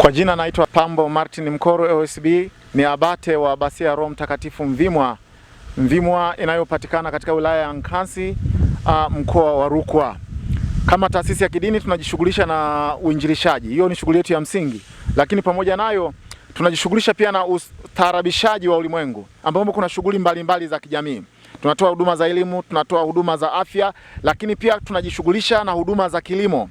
Kwa jina naitwa Pambo Martin Mkoro OSB, ni abate wa Abasia ya Roho Mtakatifu Mvimwa, Mvimwa inayopatikana katika wilaya ya Nkasi, ah, mkoa wa Rukwa. Kama taasisi ya kidini tunajishughulisha na uinjilishaji, hiyo ni shughuli yetu ya msingi, lakini pamoja nayo tunajishughulisha pia na ustaarabishaji wa ulimwengu ambapo kuna shughuli mbalimbali za kijamii tunatoa huduma za elimu, tunatoa huduma za afya, lakini pia tunajishughulisha na huduma za kilimo.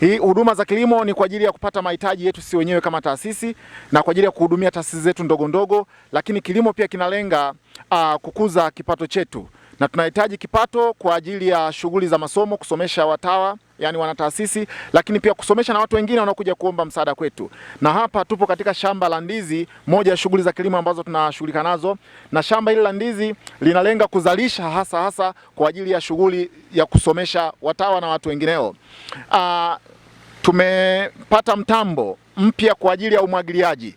Hii huduma za kilimo ni kwa ajili ya kupata mahitaji yetu si wenyewe kama taasisi na kwa ajili ya kuhudumia taasisi zetu ndogo ndogo, lakini kilimo pia kinalenga uh, kukuza kipato chetu na tunahitaji kipato kwa ajili ya shughuli za masomo, kusomesha watawa yani wana taasisi, lakini pia kusomesha na watu wengine wanaokuja kuomba msaada kwetu. Na hapa tupo katika shamba la ndizi, moja ya shughuli za kilimo ambazo tunashughulika nazo, na shamba hili la ndizi linalenga kuzalisha hasa hasa kwa ajili ya shughuli ya kusomesha watawa na watu wengineo. Uh, tumepata mtambo mpya kwa ajili ya umwagiliaji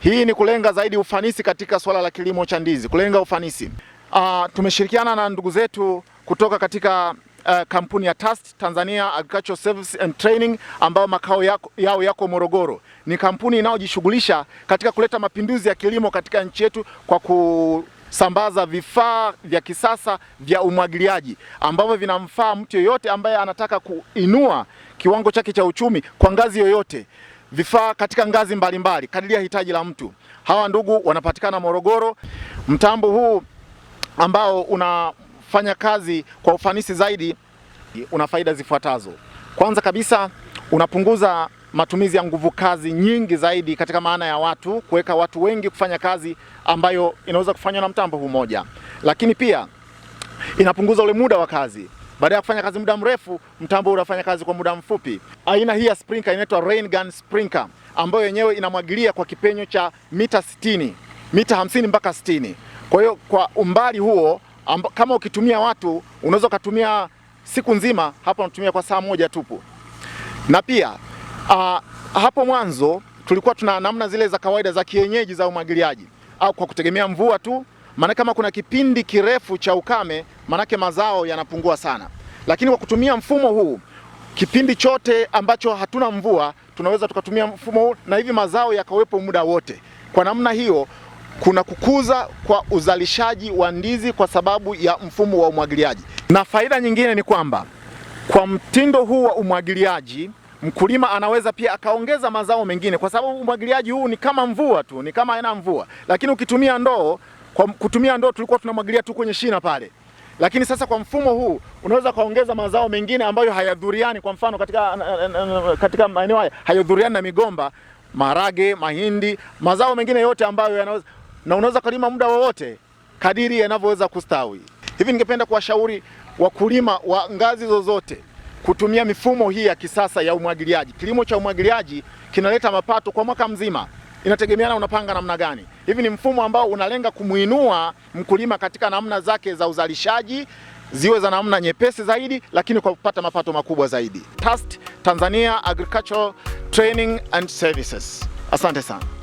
Hii ni kulenga zaidi ufanisi katika swala la kilimo cha ndizi, kulenga ufanisi. Uh, tumeshirikiana na ndugu zetu kutoka katika uh, kampuni ya TAST Tanzania Agricultural Service and Training ambayo makao yako, yao yako Morogoro. Ni kampuni inayojishughulisha katika kuleta mapinduzi ya kilimo katika nchi yetu kwa ku sambaza vifaa vya kisasa vya umwagiliaji ambavyo vinamfaa mtu yoyote ambaye anataka kuinua kiwango chake cha uchumi kwa ngazi yoyote vifaa katika ngazi mbalimbali kadiri ya hitaji la mtu. Hawa ndugu wanapatikana Morogoro. Mtambo huu ambao unafanya kazi kwa ufanisi zaidi una faida zifuatazo. Kwanza kabisa, unapunguza matumizi ya nguvu kazi nyingi zaidi katika maana ya watu kuweka watu wengi kufanya kazi ambayo inaweza kufanywa na mtambo huu mmoja, lakini pia inapunguza ule muda wa kazi baada ya kufanya kazi muda mrefu, mtambo unafanya kazi kwa muda mfupi. Aina hii ya sprinkler inaitwa rain gun sprinkler, ambayo yenyewe inamwagilia kwa kipenyo cha mita 60, mita 50 mpaka 60. Kwa hiyo kwa umbali huo amba, kama ukitumia watu unaweza ukatumia siku nzima, hapa unatumia kwa saa moja tupu. Na pia uh, hapo mwanzo tulikuwa tuna namna zile za kawaida za kienyeji za umwagiliaji au kwa kutegemea mvua tu maana kama kuna kipindi kirefu cha ukame, maanake mazao yanapungua sana, lakini kwa kutumia mfumo huu kipindi chote ambacho hatuna mvua tunaweza tukatumia mfumo huu na hivi mazao yakawepo muda wote. Kwa namna hiyo kuna kukuza kwa uzalishaji wa ndizi kwa sababu ya mfumo wa umwagiliaji. Na faida nyingine ni kwamba kwa mtindo huu wa umwagiliaji mkulima anaweza pia akaongeza mazao mengine, kwa sababu umwagiliaji huu ni kama mvua tu, ni kama aina mvua, lakini ukitumia ndoo kwa kutumia ndoo tulikuwa tunamwagilia tu kwenye shina pale, lakini sasa kwa mfumo huu unaweza kaongeza mazao mengine ambayo hayadhuriani. Kwa mfano katika, katika maeneo haya hayadhuriani na migomba, marage, mahindi, mazao mengine yote ambayo yanaweza na unaweza kulima muda wowote kadiri yanavyoweza kustawi. Hivi ningependa kuwashauri wakulima wa ngazi zozote kutumia mifumo hii ya kisasa ya umwagiliaji. Kilimo cha umwagiliaji kinaleta mapato kwa mwaka mzima inategemeana unapanga namna gani. Hivi ni mfumo ambao unalenga kumuinua mkulima katika namna zake za uzalishaji ziwe za namna nyepesi zaidi, lakini kwa kupata mapato makubwa zaidi. TAST, Tanzania Agricultural Training and Services. Asante sana.